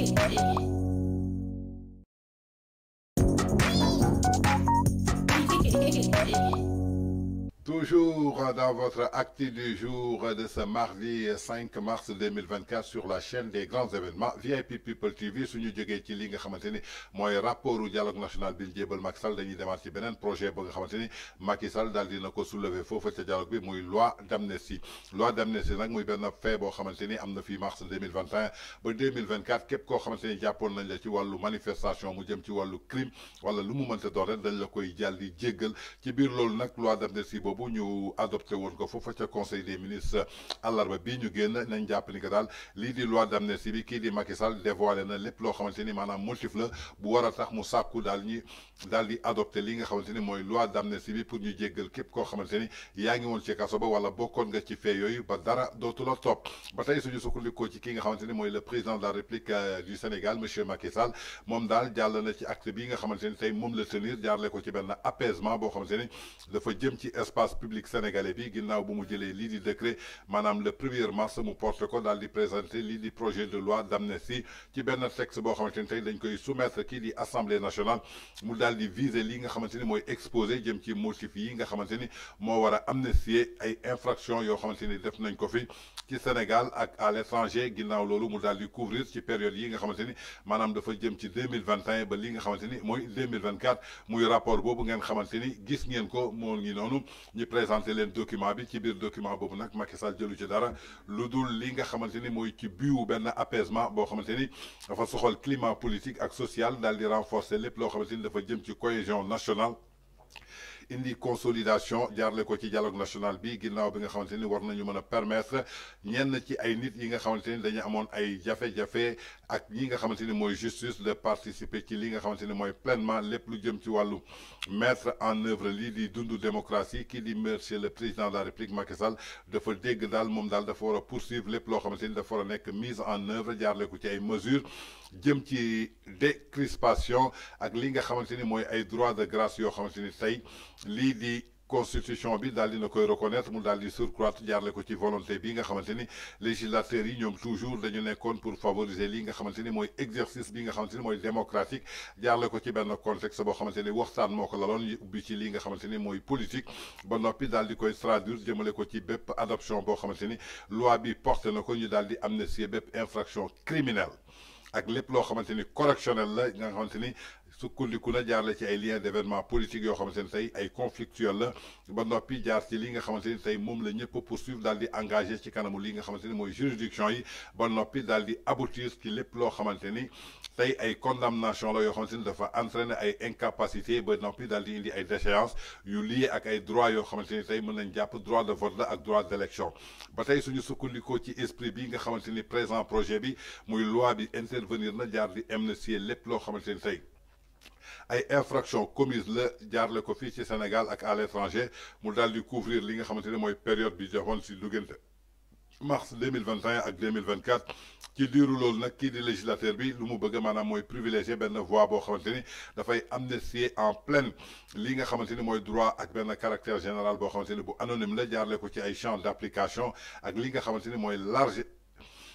Thank you. Toujours dans votre acte du jour de ce mardi 5 mars 2024 sur la chaîne des grands événements VIP People TV suñu jógee ci li nga xamante rapport mooy dialogue national bi jébbal Macky Sall dañuy ci projet ba nga xamante ni Macky Sall daal dina ko soulever foofu dialogue bi loi d'amnésie. loi d'amnésie nag muy benn fait boo mars 2021 ba 2024 képp koo xamante ni la manifestation mu jëm ci wàllu crime wala lu mu mënta doon rek dañ la koy jàll di Qui ci biir loolu loi d'amnésie boobu ñu adopté woon ko foofa ci conseil des ministres alarba bi ñu génn nañ jàpp ni que daal lii di loi d'amnistie bi ki di Macky Sall dévoilé na lépp lo xamanteni manam maanaam motif la bu wara tax mu sàkku dal ñi dal di adopté li nga xamanteni moy loi d'amnistie bi pour ñu jéggal képp ko xamanteni yaangi won ci kasso ba wala bokkon nga ci fee yoyu ba dara dootu la topp ba tay suñu sukkuliko ci ki nga xamanteni moy le président de la République euh, du Sénégal monsieur Macky Sall mom dal jall na ci acte bi nga xamanteni ni mom le la tenir jaarale ko ci benn apaisement bo xamanteni ni dafa jëm ci espace place publique sénégalais bi ginnaaw bu mu jëlee lii di décret madame le premier mars mu porte ko daal di présenté lii di projet de loi d'amnistie ci benn texte bo xamanteni tay dañ koy soumettre ki di assemblée nationale mu dal di viser li nga xamanteni moy exposer exposé jëm ci motif yi nga xamanteni mo wara war amnistier ay infractions yo xamanteni def nañ ko fi ci Sénégal ak à l'étranger ginnaw lolu mu dal di couvrir ci période yi nga xamanteni manam dafa jëm ci 2021 et ba li nga xamanteni moy 2024 muy rapport bobu ngeen xamanteni gis ngeen ko mo ngi nonu ñu présenté leen document bi ci biir document boobu nag Macky Sall jëlu ci dara lu li nga xamante ni ci benn apaisement dafa climat politique ak social di renforcer dafa jëm ci cohésion nationale consolidation jaarle ko dialogue national bi bi nga war nañu permettre ñenn ci ay nit yi nga dañu ay ak yi nga xamanteni moy justice de participer ci li nga xamanteni moy pleinement lepp lu jëm ci walu mettre en œuvre l'idée di dundu démocratie kii di monsieur le président de la république Macky Sall dafa dégg dal mom dal dafa war poursuivre lepp lo xamanteni ni dafa war mise en œuvre jaarale ko ci ay mesures jëm ci décrispation ak li nga xamanteni moy ay droits de grâce yo xamanteni ni li di. constitution bi daal dina koy reconnaître mu daal di surcroît jaarle ko ci volonté bi nga xamante ni législateurs yi ñoom toujours dañu nekkoon pour favoriser li nga xamante ni mooy exercice bi nga xamante ni mooy démocratique jaarle ko ci benn contexte boo xamante ni waxtaan moo ko laloon ubbi ci li nga xamante ni mooy politique ba noppi daal di koy traduire jëmale ko ci bépp adoption boo xamante ni loi bi porté na ko ñu daal di amnistier bépp infraction criminelle ak lépp loo xamante ni correctionnel la nga xamante ni sukkandiku na jaar la ci ay liens d'événement politique yoo xamante ni tey ay conflictuel la ba noppi jaar ci li nga xamante ni tey moom la ñëpp poursuivre daal di engagé ci kanamu li nga xamante ni mooy juridiction yi ba noppi daal di aboutir ci lépp loo xamante ni tey ay condamnation la yoo xamante ni dafa entraîner ay incapacité ba noppi daal di indi ay déchéance yu lié ak ay droits yoo xamante ni tey mën nañ jàpp droit de vote la ak droit d'élection ba tey suñu sukkandikoo ci esprit bi nga xamante ni présent projet bi muy loi bi intervenir na jaar di amnistier lépp loo xamante ni tey ay infraction commise le le ko fi ci Sénégal ak à l'étranger mu dal di couvrir li nga xamanteni moy période bi joxoon si duggante mars 2021 à 2024 qui ak 2024 ci diiru loolu nak ki di législateur bi lu mu bëgg manam moy privilégier benn voie boo xamante ni dafay en pleine li nga xamanteni moy droit ak benn caractère général bo xamanteni bu anonyme la le ko ci ay champs d'application ak li nga xamanteni moy large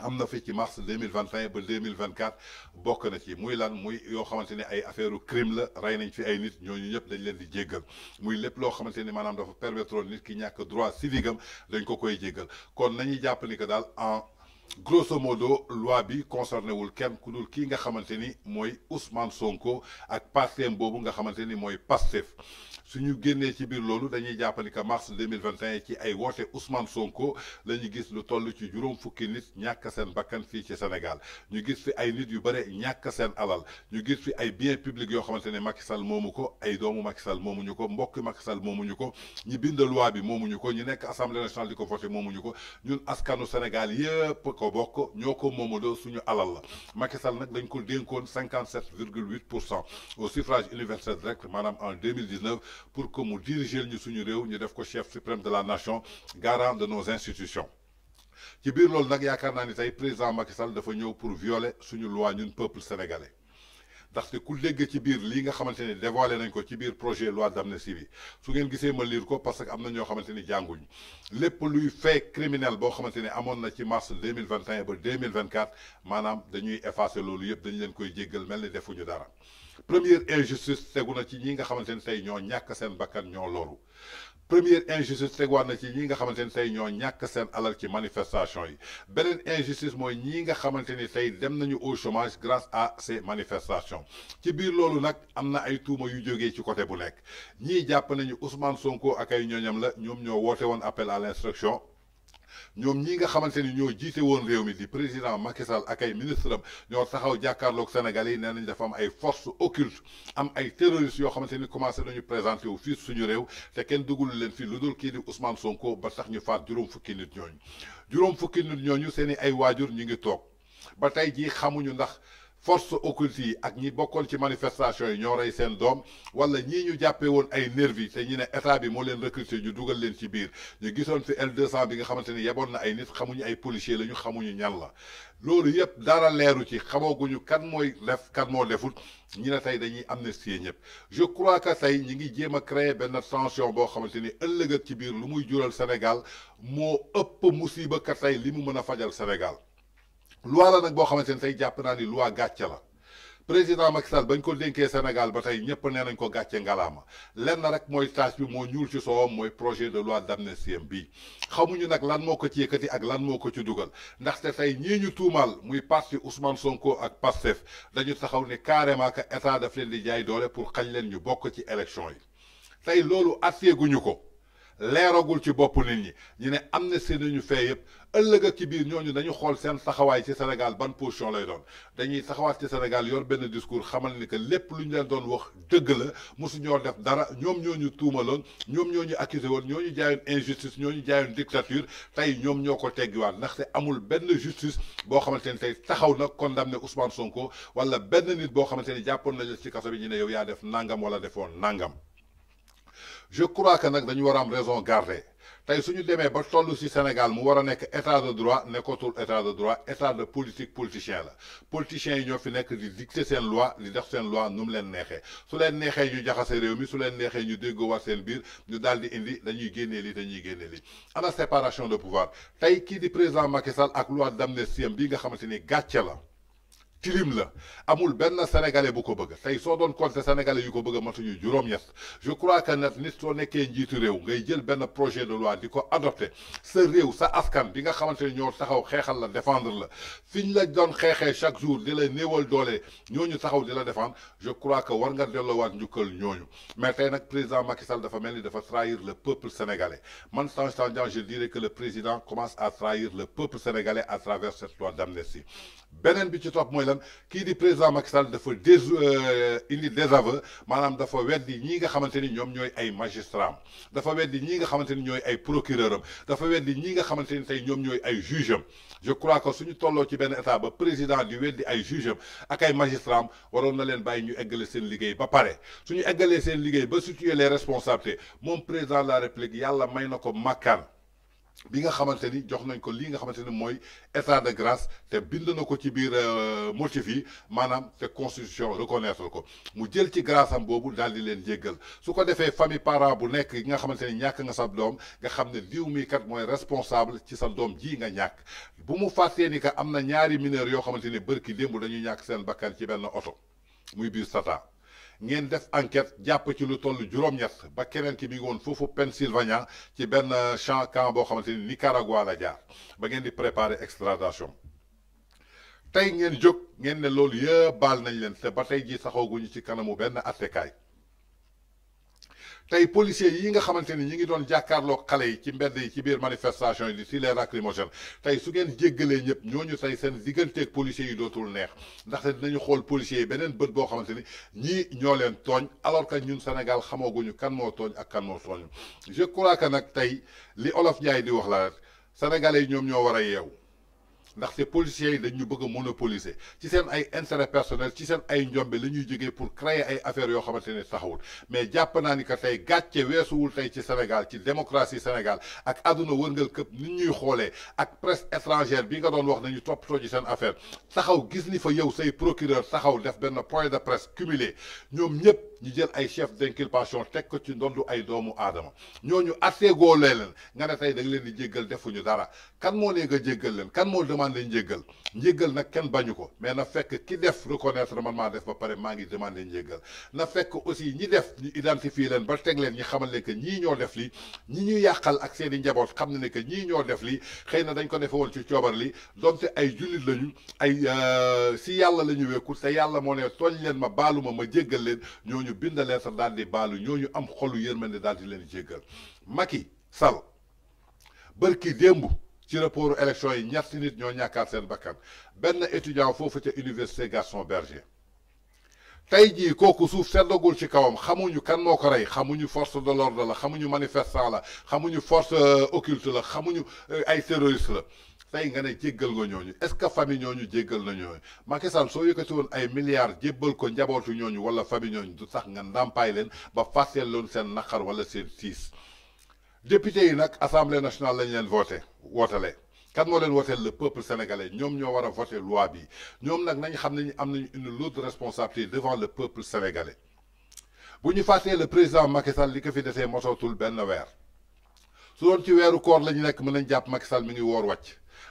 amna fi ci mars 2025 ba 2024 bokk na ci muy lan muy yoo xamante ni ay affaire crime la rey nañ fi ay nit ñooñu ñëpp dañ leen di jéggal muy lépp loo xamante ni maanaam dafa permettre nit ki ñàkk droit civique am dañ ko koy jéggal kon nañuy jàpp ni que daal en grosso modo loi bi concerné wul kenn ku dul kii nga xamante ni mooy Ousmane Sonko ak Pastef boobu nga xamante ni mooy Pastef su ñu génnee ci biir loolu dañuy jàppali que mars deux mille vingt un ci ay woote Ousmane Sonko la ñu gis lu toll ci juróom fukki nit ñàkk seen bakkan fii ci Sénégal ñu gis fi ay nit yu bare ñàkk seen alal ñu gis fi ay biens publics yoo xamante ne Macky Sall moomu ko ay doomu Macky Sall moomuñu ko mbokki Macky Sall moomuñu ko ñi bind loi bi moomuñu ko ñu nekk assemblée nationale di ko voté moomuñu ko ñun askanu Sénégal yépp ko bokk ñoo ko moomandoo suñu alal la Macky Sall nag dañ ko dénkoon cinquante sept virgule huit pour cent au suffrage universel maanaam en pour que mu diriger ñu suñu réew ñu def ko chef suprême de la nation garant de nos institutions ci biir loolu nag yaakaar naa ni tey président Macky Sall dafa pour violer suñu loi ñun peuple sénégalais ndaxte ku dégg ci biir lii nga xamante ni dévoilé nañ ko ci projet loi d'amnistie bi su ngeen gisee ma lire ko parce que am na ñoo xamante ni jànguñ luy fait criminel boo xamante ni na ci mars 2021 mille 2024. Madame, de ba deux l'eau, vingt quatre maanaam dañuy effacer loolu yëpp dañu leen koy jéggal defuñu dara. première injustice tegu na ci ñi nga xamante ne tey ñoo ñàkk seen bakkan ñoo loru première injustice teguwaat na ci ñi nga xamante ni tey ñoo ñàkk seen alal ci manifestation yi beneen injustice mooy ñi nga xamante ni tey dem nañu au chômage grace à ces manifestations ci biir loolu nag am na ay tuuma yu jógee ci côté bu nekk ñi jàpp nañu Ousmane Sonko ak ay ñooñam la ñoom ñoo woote woon appel à l'instruction ñoom ñii nga xamante ni ñoo jiite woon réew mi di président Macky Sall ak ay ministre am ñoo taxaw jàkkaarloog Sénégalais yi nee nañ dafa am ay forces occultes am ay terroristes yoo xamante ni commencé nañu présenté wu fii suñu réew te kenn duggul leen fi lu dul kii di Ousmane Sonko ba tax ñu faat juróom fukki nit ñooñu juróom fukki nit ñooñu seen i ay waajur ñu ngi toog ba tey jii xamuñu ndax. force occulte yi ak ñi bokkol ci manifestation yi ñoo ray seen doom wala ñi ñu jappé won ay nervi te ñi ne état bi mo leen recruter ñu duggal leen ci biir ñu gissone fi L200 bi nga xamanteni yabon na ay nit xamuñu ay policier lañu xamuñu ñan la loolu yëpp dara leeru ci xamoguñu kan moy def kan mo deful ñi ne tay dañuy amnistie ñëpp je crois que tay ñi ngi jéma créer ben tension bo xamanteni ni ci biir lu muy jural Sénégal mo ëpp musiba ka tay limu mëna fajal Sénégal loi la nag boo xamante ne tey jàpp naa ni loi gàcce la président Macky Sall bañ ko dénkee Sénégal ba tey ñëpp nee nañ ko gàcce ngalaama lenn rek mooy tâche bi moo ñuul ci soowam mooy projet de loi d'amnistie bi xamuñu nag lan moo ko ci yëkkati ak lan moo ko ci dugal ndaxte tey ñii ñu tuumaal muy parti Ousmane Sonko ak Pastef dañu taxaw ne carrément que état daf leen di jaay doole pour xañ leen ñu bokk ci élection yi tey loolu atteeguñu ko. leeragul ci bopp nit ñi ñu ne am amnistie ñu fee yëpp ëllëg ak ci biir ñooñu dañu xool seen taxawaay ci Sénégal ban position lay doon dañuy taxawaat ci Sénégal yor benn discours xamal ni que lépp lu ñu leen doon wax dëgg la mosu ñoo def dara ñoom ñoo ñu tuumaloon ñoom ñoo ñu accusé woon ñoo ñu jaayoon injustice ñoo ñu jaayoon dictature tey ñoom ñoo ko teggiwaat ndaxte amul benn justice boo xamante ni tey taxaw na condamné Ousmane Sonko wala benn nit boo xamante ni jàppoon nañu ci kaso bi ñu ne yow yaa def nangam wala defoon nangam. je crois que nag dañu war a am raison garder tey suñu demee ba toll ci Sénégal mu war a état de droit nekkatul état de droit état de politique politicien la politiciens yi ñoo fi nekk di dicter seen loi di def seen loi nu mu leen neexee su leen neexee ñu jaxase réew mi su leen neexee ñu déggoo war seen biir ñu daal indi dañuy génnee li dañuy génnee li ana séparation de pouvoir tey kii di président Macky Sall ak loi d'amnistie bi nga xamante ni gàcce la crime la amul benn sénégalais bu ko bëgg tey donc doon compter sénégalais yu ko bëgg matuñu juróom-ñett je crois que nag ni soo nekkee njiitu réew ngay jël benn projet de loi du ko adopté sa ça sa askan bi nga xamante ne ñoo taxaw à la défendre la film ñu la doon chaque jour le la néewal nous ñooñu taxaw de la défendre je crois que on war nga loi njukkal ñooñu mais tey un président Macky Sall de famille de faire trahir le peuple sénégalais man sens je dirais que le président commence à trahir le peuple sénégalais à travers cette loi d'amnistie beneen bi ci top lan kii di président Macky Sall dafa dés euh, indi désaveu maanaam dafa weddi ñii nga xamante ni ñoom ñooy ay magistrat am dafa weddi ñii nga xamante ni ñooy ay procureur am dafa weddi ñii nga xamante ni tey ñoom ñooy ay juge je crois que suñu tolloo ci benn état ba président di weddi ay juge am ak ay magistrat waroon na leen bàyyi ñu eggale seen liggéey ba pare suñu eggalee seen liggéey ba situer les responsabilités moom président de la république yàlla may na ko màkkaan bi nga xamante ni jox nañ ko lii nga xamante ni mooy état de grace te bind na ko ci biir euh, motif yi maanaam te constitution reconnaître ko mu jël ci grâce am boobu daal di leen jéggal su ko defee famille parent bu nekk yi nga xamante ni ñàkk nga sa doom nga xam ne liw mi mooy responsable ci sa doom jii nga ñàkk bu mu fàttee ni que am na ñaari mineurs yoo xamante ni bërki démb dañuy ñàkk seen bakkan ci benn oto muy biir sata ngeen def enquête jàpp ci lu toll juróom-ñett ba keneen ki mi ngi woon foofu Pennsylvania ci benn euh, champ camp boo xamante ni Nicaragua la jaar ba ngeen di préparer extradition tey ngeen jóg ngeen ne loolu yëpp baal nañ leen te ba tey jii saxooguñu ci kanamu benn attekaay tey policiers yi nga xamante ni ñi ngi doon jàkkaarloo xale yi ci mbedd yi ci biir manifestation yi di si les lacrymogènes tey su ngeen jéggalee ñëpp ñu tey seen digganteeg policiers yi dootul neex ndaxte dinañu xool policiers yi beneen bët boo xamante ni ñii ñoo leen tooñ alors que ñun Sénégal xamooguñu kan moo tooñ ak kan moo tooñ je crois que nag tey li Olof Njaay di wax la rek sénégalais ñoom ñoo war a yeewu ndaxte policiers yi dañu bëgg a monopoliser ci seen ay intérêt personnel ci seen ay njombe la ñuy jógee pour créer ay affaires yoo xamante ne taxawul mais jàpp naa ni que tey gàcce weesuwul tey ci Sénégal ci démocratie Sénégal ak àdduna wërngal këpp nit ñuy xoolee ak presse étrangère bi nga doon wax nañu toppatoo ci seen affaire taxaw gis ni fa yow say procureur taxaw def benn point de presse cumulé ñoom ñëpp. ñu jël ay chef d'inculpation teg ko ci ndondu ay doomu aadama ñooñu atteegoo lee leen nga ne tey da leen di jéggal defuñu dara kan moo nee a jéggal leen kan moo demande njéggal njéggal nag kenn bañu ko mais na fekk ki def reconnaître man maa def ba pare maa ngi demandé njéggal na fekk aussi ñi def ñu identifier leen ba teg leen ñi xamal ne que ñii ñoo def lii ñi ñu yàqal ak seen i njaboot xam na ne que ñii ñoo def lii xëy na dañ ko defe woon ci coobar li si ay jullit lañu ay euh, si yàlla la ñu wékku te yàlla moo nee tooñ leen ma baalu ma ma jéggal leen ñooñu bind lettre daal di baalu ñoo ñu am xolu yërmande daal di leen jéggal Macky Sall bërki démb ci rapport élection yi ñetti nit ñoo ñàkkaat seen bakkan benn étudiant foofu ca université Gaston Berger tey jii kooku suuf seddagul ci kawam xamuñu kan moo ko rey xamuñu force de l'ordre la xamuñu manifestant la xamuñu force euh, occulte la xamuñu euh, ay terroriste la tey nga ne jéggal nga ñooñu est-ce que famille ñooñu jéggal na ñooñu Macky Sall soo yëkkati woon ay milliards jébbal ko njabootu ñooñu wala famille ñooñu du sax nga ndàmpaay leen ba fàtteel loon seen naqar wala seen siis député yi nag assemblée nationale lañ leen voté wootalee kan moo leen woteel le peuple sénégale ñoom ñoo war a voté loi bi ñoom nag nañu xam ne ñu am nañu une lourde responsabilité devant le peuple sénégalais bu ñu fàttee le président Macky Sall li ko fi desee mototul benn weer su doon ci weeru koor lañu nekk mën nañ jàpp Macky Sall mi ngi woor wàcc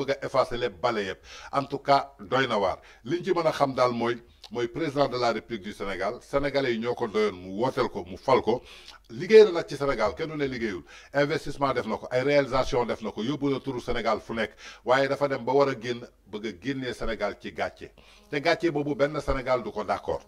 bëgg a effacer les balais yëpp en tout cas doy na waar liñ ci mën a xam daal mooy mooy président de la république du Sénégal sénégalais yi ñoo ko doyoon mu wooteel ko mu fal ko liggéey na nag ci Sénégal kenn du ne liggéeyul investissement def na ko ay réalisation def na ko yóbbu na turu Sénégal fu nekk waaye dafa dem ba war a génn bëgg a génnee Sénégal ci gàcce te gàcce boobu benn Sénégal du ko d'accord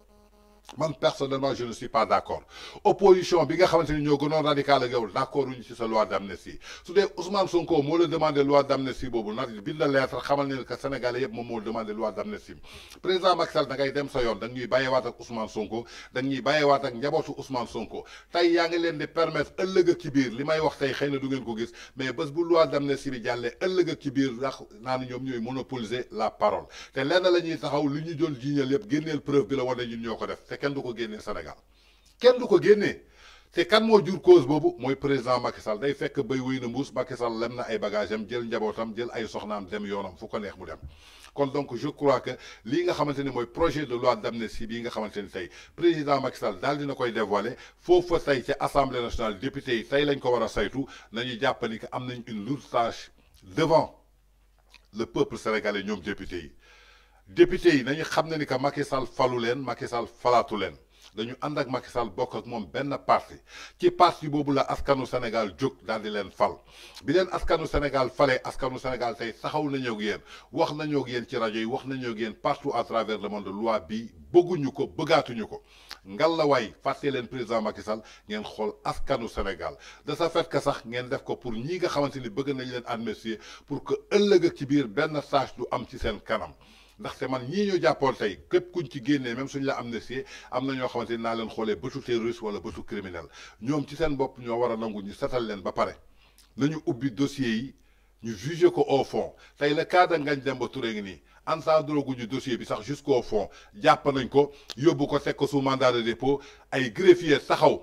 man personnellement je ne suis pas d'accord opposition bi nga xamante ni ñoo gënoon radical ak yow d' ci sa loi d' amnistie su dee Ousmane Sonko moo la demandé loi d' amnistie boobu nag bind la lettre xamal ne que sénégalais yëpp moom moo demandé loi d' amnistie président Macky Sall da ngay dem sa yoon da ñuy bàyyiwaat ak Ousmane Sonko da ñuy bàyyiwaat ak njabootu Ousmane Sonko tey yaa ngi leen di permettre ëllëg ak ci biir li may wax tey xëy du ngeen ko gis mais bés bu loi d' amnistie bi jàllee ëllëg ak ci biir ndax naa ne monopoliser la parole te lenn la ñuy taxaw li ñu doon jiiñal yëpp génneel preuve bi la wane ñun ñoo def te kenn du ko Sénégal kenn du ko génnee te kan moo jur cause boobu mooy président Macky Sall day fekk bay wéy na mbuus Macky Sall lem na ay bagages am jël njabootam jël ay soxnaam dem yoonam fu ko neex mu dem kon donc je crois que lii nga xamante ni projet de loi d'amnistie bii nga xamante ni tey président Macky Sall daal dina koy dévoiler foofu tey ca assemblée nationale député yi tey lañ ko war a saytu nañu jàpp ni que am une lourde tâche devant le peuple sénégalais ñoom député député yi nañu xamné ni ka Macky Sall falu len Macky Sall falatu len dañu ànd ak Macky Sall bok ak mom ben parti ci parti bobu la askanu Sénégal juk dal di len fal bi len askanu Sénégal falé askanu Sénégal tay taxaw nañu ak yéen wax nañu ak yéen ci radio yi wax nañu ak yéen partout à travers le monde loi bi bëgguñu ko bëggaatuñu ko ngal la way fàtte len président Macky Sall ngeen xol askanu Sénégal de sa fait que sax ngeen def ko pour ñi nga xamanteni bëgg nañu len admettre pour que ëllëg ak ci biir ben sage du am ci sen kanam. ndaxte man ñii ñu jappol tay kep kuñ ci génné même suñ la amnistie amna ño ñoo na leen xolé bëtu terroriste wala bëtu criminel ñom ci seen bop ñoo wara a nangu ñu sétal leen ba paré nañu ubbi dossier yi ñu jugé ko au fond tay le cas ngañ dem ba Touré ngi nii entendre guñu dossier bi sax jusqu'au fond japp nañ ko yobbu ko sék ko sous mandat de dépôt ay greffier taxaw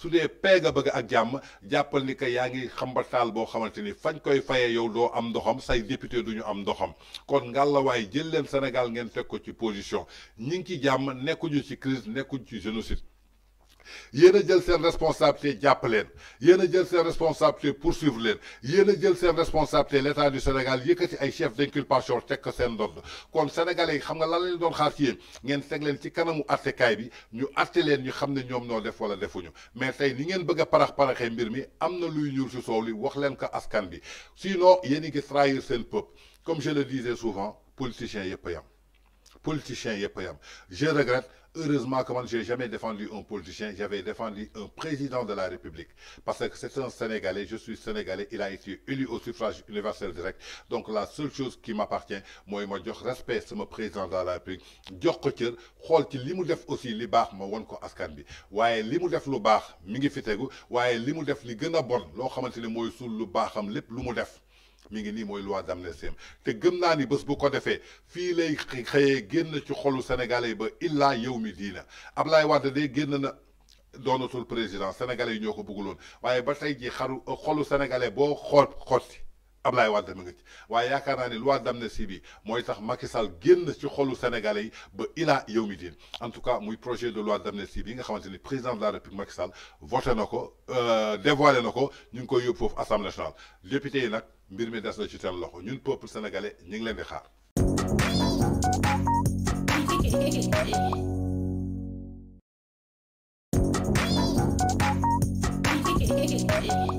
su dee pee nga bëgg ak jàmm jàppal ni que yaa ngi xambataal boo xamante ni fañ koy fayee yow doo am ndoxam say député duñu am ndoxam kon waaye jël leen Sénégal ngeen fekk ko ci position ñi ngi ci jàmm nekkuñu ci crise nekkuñu ci génocide yéen jël sen responsabilité jàpp leen yéen jël sen responsabilité poursuivre leen yéen a jël sen responsabilité l'état du Sénégal yëkkati ay chef d'inculpation tek teg ko seen ndodd kon sénégalais xam nga lan lañ doon xaar ci yéen ngeen teg leen ci kanamu arté kay bi ñu arté leen ñu xamné ñom no def wala defuñu mais tay ni ngeen bëgg parax paraxé mbir mi amna luy ñuur ci soow li wax leen ko askan bi sinon yéen a ngi trahir seen peuple comme je le disais souvent politiciens yëpp yam politiciens yëpp yam je regrette. Heureusement comme je n'ai jamais défendu un politicien, j'avais défendu un président de la République. Parce que c'est un Sénégalais, je suis Sénégalais, il a été élu au suffrage universel direct. Donc la seule chose qui m'appartient, moi, moi, je respecte ce président de la République. Je suis xool ci aussi li baax ma won ko askan bi je suis mu def lu baax mi ngi fi tegu waaye def li a bon loo xamante mi ngi nii mooy loi d'amnistie te gëm naa ni bés bu ko defee fii lay xëyee génn ci xolu sénégalais ba illaa yow mi diina Ablaye Wade de génn na doonatul président sénégalais yi ñoo ko bëgguloon waaye ba tey ji xaru xolu sénégalais boo xoot xotti Ablaye Wade mi ngi ci waaye yaakaar ni loi d'amnistie bi moy tax Macky Sall genn ci xolu Sénégalais yi ba ilaa yawmi diin en tout cas muy projet de loi d'amnistie bi nga xamanteni président de la République Macky Sall voté na euh dévoilé na ñu ngi koy yóbbu fofu assemblée nationale député nak mbir mi dess na ci seen loxo ñun peuple sénégalais ñu ngi leen di xaar. Thank you.